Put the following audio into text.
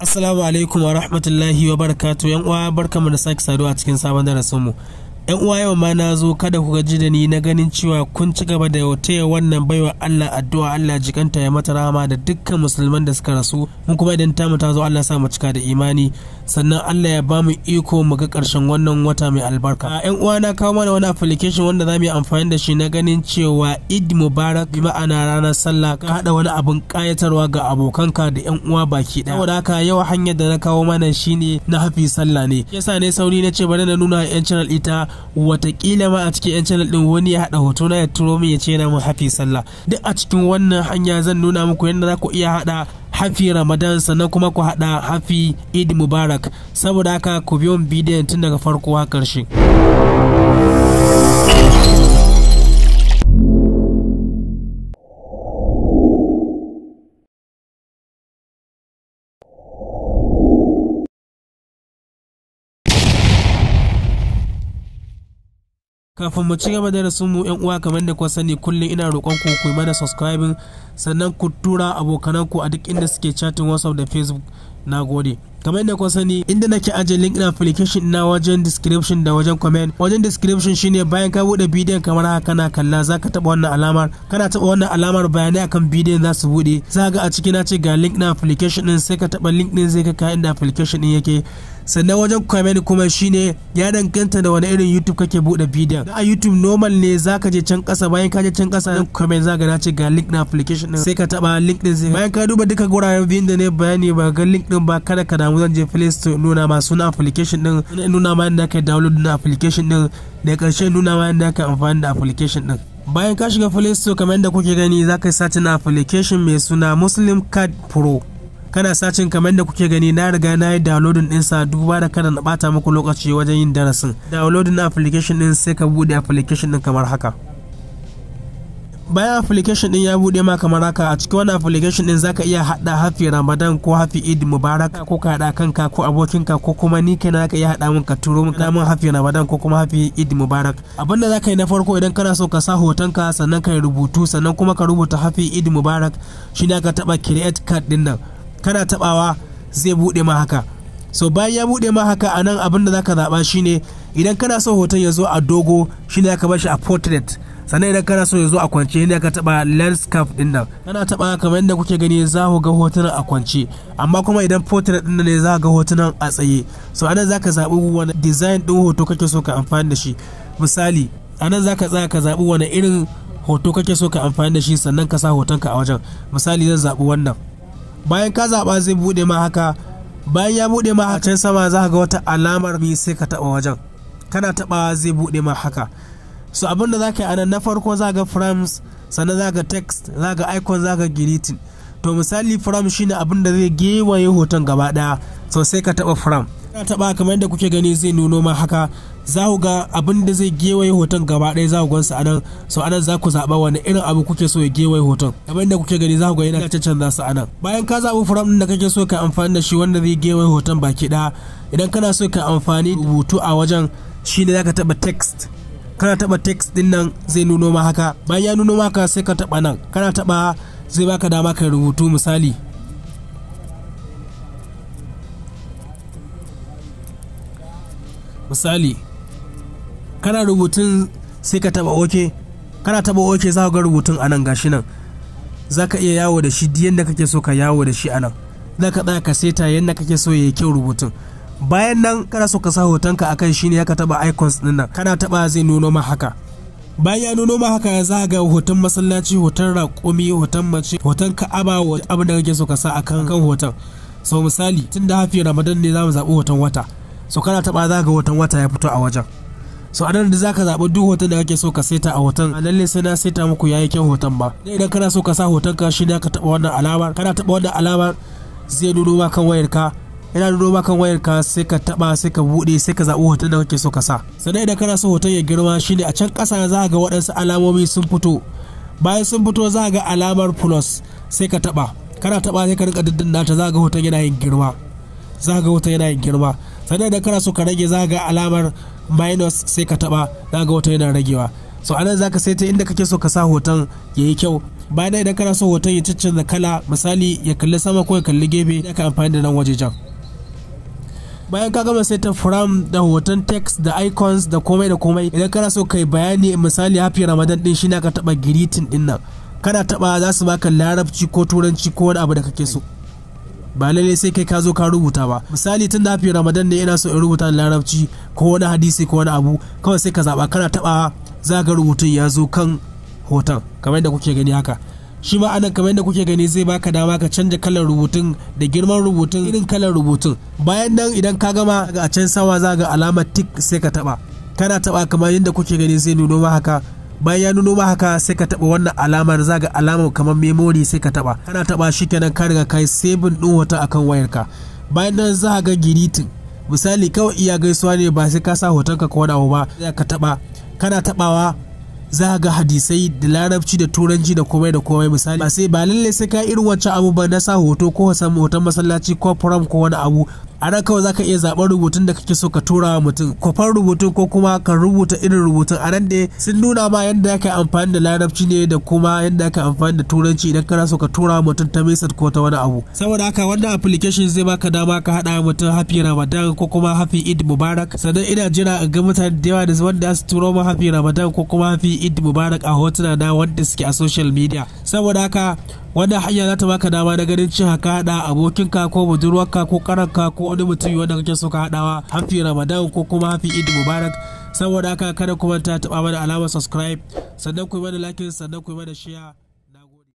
Assalamu alaikum wa rahmatullahi wa barakatu yan uwa barkamu da sake saduwa cikin sabon darasinmu. yan uwa yau ma na zo kada ku gaji da ni na ganin cewa kun ci gaba da taya wannan baiwa Allah addu'a Allah jikanta ya mata rama da dukkan musulman da suka rasu mun kuma idan tamu ta zo Allah sa mu cika da imani sannan Allah ya ba mu iko mu ga karshen wannan wata mai albarka yan uwa na kawo mana wani application wanda za mu yi amfani da shi na ganin cewa Eid Mubarak bi ma'ana ranar sallah ka hada wani abun kayatarwa ga abokanka da yan uwa baki daya saboda haka yau hanyar da na kawo mana shine na hafi sallah ne yasa ne sauri na ce bari na nuna yan channel ita watakila ma a cikin 'yan channel din wani ya hada hoto na ya turo min ya ce yana mun hafi sallah duk a cikin wannan hanya zan nuna muku yadda za ku iya hada hafi ramadan sannan kuma ku hada hafi eid mubarak saboda haka ku biyo bidiyon tun daga farko har karshe. kafin mu ci gaba da rasu mu yan uwa kamar da kuwa sani kullum ina roƙon ku ku mana subscribing sannan ku tura abokanan ku a duk inda suke chatting WhatsApp da Facebook nagode kamar yadda kuwa sani inda nake ajiye link na application na wajen description da wajen comment wajen description shine bayan ka bude bidiyon kamar haka kana kalla zaka taba wannan alamar kana taba wannan alamar bayanai akan bidiyon za su bude za ga a ciki na ce ga link na application din sai ka taba link din zai ka inda application din yake sannan wajen comment kuma shine ya danganta da wani irin youtube kake bude bidiyon a youtube normal ne zaka je can kasa bayan ka je can kasa nan za ka dace ga link na application din sai ka taba link din sai bayan ka duba duka guraren biyun da ne bayani ba ga link din ba kada ka damu zan je play store nuna ma suna application din nuna ma yadda ka download na application din da karshe nuna ma yadda ka amfani da application din bayan ka shiga play store kamar yadda kuke gani ka yi satin application mai suna muslim card pro kana sacin kamar da kuke gani na riga na yi downloading ɗinsa duba da kada na bata muku lokaci wajen yin darasin downloading application ɗin sai ka buɗe application ɗin kamar haka bayan application din ya buɗe ma kamar haka a cikin wannan application din zaka iya hada hafi ramadan ko hafi id mubarak ko ka hada kanka ko abokinka ko kuma ni kenan zaka iya hada min ka turo min hafi ramadan ko kuma hafi id mubarak abin da zaka yi na farko idan kana so ka sa hotonka sannan ka rubutu sannan kuma ka rubuta hafi id mubarak shine ka taba create card din nan kana tabawa zai bude ma haka so bayan ya bude ma haka anan abin da zaka zaba shine idan kana so hoton ya zo a dogo shine zaka bar shi a portrait sannan idan kana so ya zo a kwance ne ka taba landscape din nan kana taba kamar yadda kuke gani za ku ga hotunan a kwance amma kuma idan portrait din ne za ga hotunan a tsaye so anan zaka zabi wani design din hoto kake so ka amfani da shi misali anan zaka tsaya ka zabi wani irin hoto kake so ka amfani da shi sannan ka sa ka a wajen misali zan zabi wannan bayan ka zaɓa zai buɗe ma haka bayan ya buɗe ma can sama za ga wata alamar mi sai ka taɓa wajen kana taɓa zai buɗe ma haka so abin da za ka yi anan na farko za ga frames sannan za ga text za ga icon za ga greeting to misali frame shine abin da zai gewaye hoton gaba ɗaya so sai ka taɓa frame na taba kamar yadda kuke gani zai nuno ma haka za ku ga abin da zai gewaye hoton gaba ɗaya za ku gan su anan so anan za ku zaɓa wani irin abu kuke so ya gewaye hoton kamar yadda kuke gani za ku ga yana za su anan bayan ka zaɓi furam ɗin da kake so ka amfani da shi wanda zai gewaye hoton baki ɗaya idan kana so ka amfani rubutu a wajen ne za ka taɓa text kana taɓa text ɗin nan zai nuno ma haka bayan ya nuno ma haka sai ka taɓa nan kana taɓa zai baka dama ka rubutu misali misali kana rubutun sai ka taba oke kana taba oke za ga rubutun anan gashi nan za ka iya yawo da shi yadda kake so ka yawo da shi anan za ka tsaya ka seta yadda kake so ya yi kyau rubutun bayan nan kana so ka sa ka akan shi ne ka taba icons din nan kana taba zai nuno ma haka bayan ya nuno ma haka za ga hoton masallaci hoton raƙumi hoton mace hoton ka'aba abin da kake so ka sa akan kan hoton sau misali tun da hafi ramadan ne za mu zaɓi hoton wata so kana taba za ga hoton wata ya fito a wajen so a nan da zaka zaɓi duk hoton da kake so ka saita a hoton a lalle sai na saita muku yayi kyan hoton ba idan kana so ka sa hoton ka shi ne ka taba wannan alamar kana taba wannan alamar zai nuno ma kan wayar ka yana nuno ma kan wayar ka sai ka taba sai ka bude sai ka zaɓi hoton da kake so ka sa sannan idan kana so hoton ya girma shi ne a can ƙasa za ga waɗansu alamomi sun fito bayan sun fito za ga alamar plus sai ka taba kana taba sai ka rika diddin ta za ga hoton yana yin girma za ga hoton yana yin girma sanar da kana so ka rage za ga alamar minus sai ka taba za ga wata yana ragewa so anan za ka saita inda kake so ka sa hoton ya yi kyau bayan idan kana so hoton ya ciccanza kala misali ya kalli sama ko ya kalli gefe ya ka amfani da nan wajejen bayan ka gama saita firam da hoton text da icons da komai da komai idan kana so kai bayani misali hafi ramadan din shi na ka taba greeting din kana taba za su baka larabci ko turanci ko wani abu da kake so ba lallai sai kai ka zo ka rubuta ba misali tun da hafi ramadan ne ina so in rubuta da larabci ko wani hadisi ko wani abu kawai sai ka zaɓa kana taɓa za ga rubutun ya zo kan hoton kamar yadda kuke gani haka shi ma anan kamar yadda kuke gani zai baka dama ka canja kalar rubutun da girman rubutun irin kalar rubutun bayan nan idan ka gama a can sama za ga alamar tik sai ka taba kana taba kamar yadda kuke gani zai nuno ma haka bayan ya nuno ba haka sai ka taba wannan alamar zaga alamar kamar memory sai ka taba kana taba shi kenan ka riga kai saving din wata akan wayarka bayan nan za ga giritin misali kawai iya gaisuwa ne ba sai ka sa hoton ka wani abu ba za ka taba kana tabawa za ga hadisai da larabci da turanci da komai da komai misali ba sai ba lalle sai ka irin wancan abu ba na sa hoto ko hoton masallaci ko prom ko wani abu a nan kawai zaka iya zaɓar rubutun da kake so ka tura wa mutum kwafar rubutun ko kuma ka rubuta irin rubutun a nan ne sun nuna ma yadda aka amfani da larabci ne da kuma yadda aka amfani da turanci idan kana so ka tura mutum ta mesat ko ta wani abu saboda haka wannan application zai baka dama ka haɗa mutum hafi ramadan ko kuma hafi id mubarak sannan ina jira in ga mutane da yawa da wanda su turo ma hafi ramadan ko kuma hafi id mubarak a hotuna na wanda suke a social media saboda haka wanda hanya za ta baka dama na ganin cewa ka abokin ka ko ka ko ka ko wani mutumi wanda kake so ka haɗawa hafi ramadan ko kuma hafi idi mubarak saboda haka kada ku manta taɓa mana alamar subscribe sannan ku yi mana like sannan ku yi mana share